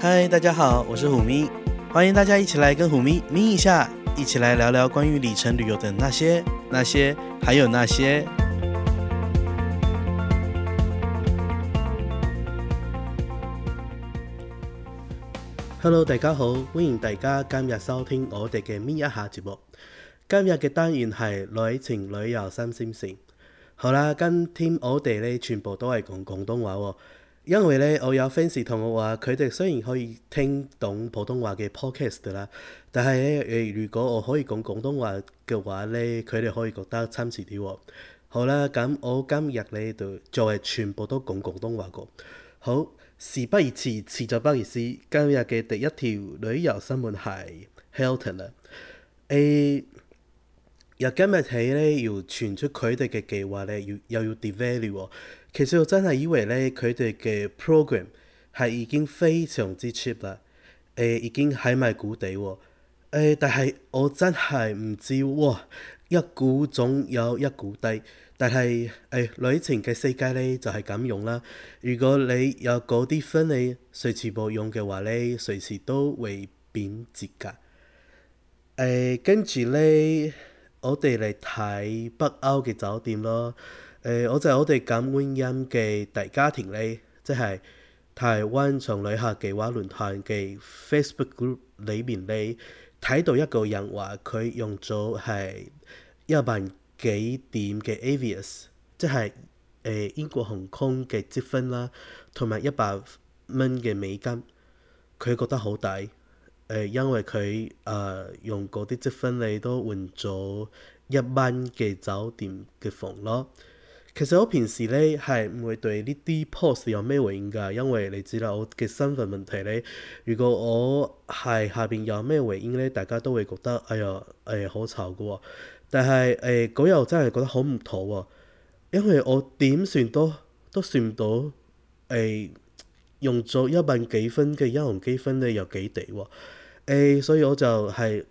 嗨，Hi, 大家好，我是虎咪，歡迎大家一起來跟虎咪咪一下，一起來聊聊關於里程旅遊的那些、那些，還有那些。Hello，大家好，歡迎大家今日收聽我哋嘅咪一下節目。今日嘅單元係旅程旅遊新鮮事。好啦，今天我哋咧全部都係講廣東話喎、哦。因為咧，我有 fans 同我話，佢哋雖然可以聽懂普通話嘅 podcast 啦，但係咧如果我可以講廣東話嘅話咧，佢哋可以覺得親切啲喎。好啦，咁我今日咧就就係全部都講廣東話講。好，事不宜遲，遲就不宜遲。今日嘅第一條旅遊新聞係 Hilton 啊，誒。由今日起咧，要傳出佢哋嘅計劃咧，要又，又要 devalue、哦。其實我真係以為咧，佢哋嘅 program 係已經非常之 cheap 啦，誒、呃、已經喺埋谷底喎、哦呃。但係我真係唔知喎，一股總有一股低。但係誒、呃，旅程嘅世界咧就係、是、咁樣用啦。如果你有嗰啲分咧，隨時冇用嘅話咧，隨時都會貶值㗎。誒、呃，跟住咧。我哋嚟睇北歐嘅酒店咯，誒、呃，我就我哋咁溫馨嘅大家庭咧，即係台灣常旅客嘅話論壇嘅 Facebook group 裏面咧，睇到一個人話佢用咗係一萬幾點嘅 Avios，即係誒、呃、英國航空嘅積分啦，同埋一百蚊嘅美金，佢覺得好抵。誒，因為佢誒、呃、用嗰啲積分，你都換咗一蚊嘅酒店嘅房咯。其實我平時咧係唔會對呢啲 post 有咩回應嘅，因為你知道我嘅身份問題咧。如果我係下邊有咩回應咧，大家都會覺得哎呀，誒好吵嘅喎、哦。但係誒嗰日我真係覺得好唔妥喎，因為我點算都都算唔到誒。哎用咗一萬幾分嘅銀行積分呢？有幾抵喎、哦欸？所以我就係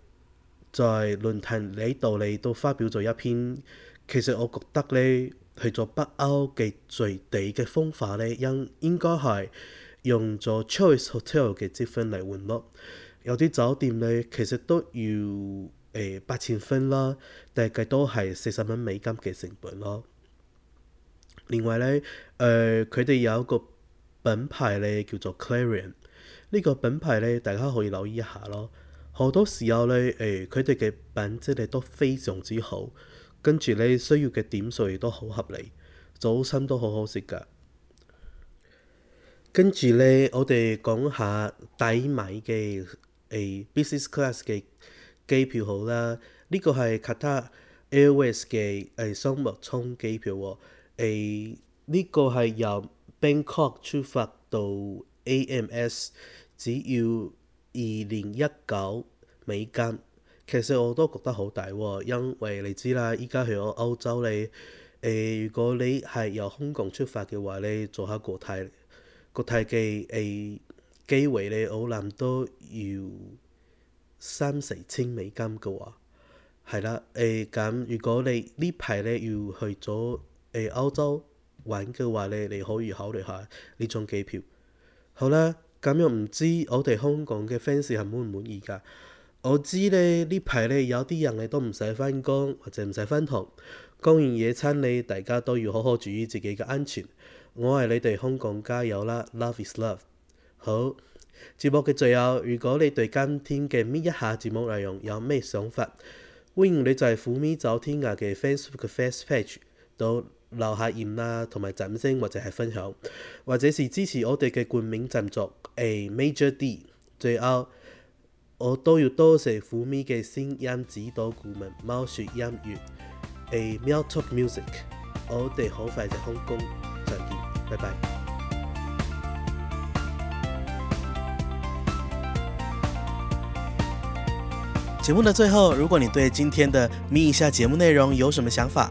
在論壇呢度咧，都發表咗一篇。其實我覺得呢，去咗北歐嘅最抵嘅方法呢，應應該係用咗 Choice Hotel 嘅積分嚟換咯。有啲酒店呢，其實都要誒八千分啦，但係都係四十蚊美金嘅成本咯。另外呢，誒佢哋有一個。品牌咧叫做 Clarion，呢、這個品牌咧大家可以留意一下咯。好多時候咧，誒佢哋嘅品質咧都非常之好，跟住咧需要嘅點數亦都好合理，早餐都好好食噶。跟住咧，我哋講下抵買嘅誒、呃、business class 嘅機票好啦，呢、這個係 Qatar Airways 嘅誒商務艙機票喎、哦，呢、呃這個係由 Bangkok 出發到 AMS 只要二零一九美金，其實我都覺得好抵喎，因為你知啦，依家去咗歐洲咧，誒、呃，如果你係由香港出發嘅話咧，你做下國泰國泰嘅誒、欸、機會咧，好難都要三四千美金嘅話，係啦，誒、呃、咁如果你呢排咧要去咗誒、呃、歐洲。玩嘅話咧，你可以考慮下呢種機票。好啦，咁又唔知我哋香港嘅 fans 係滿唔滿意㗎？我知咧呢排咧有啲人咧都唔使返工或者唔使返學，公園野餐咧，大家都要好好注意自己嘅安全。我係你哋香港加油啦！Love is love。好，節目嘅最後，如果你對今天嘅咪一下節目內容有咩想法，歡迎你就喺虎咪走天涯嘅 Facebook face page 到。留下言啦，同埋掌聲或者係分享，或者是支持我哋嘅冠名贊助 A Major D。最後，我都要多謝虎咪嘅聲音指導顧問貓説音樂 A Meow Talk Music。我哋好快就收工，再見，拜拜。節目的最後，如果你對今天的咪一下節目內容有什麼想法？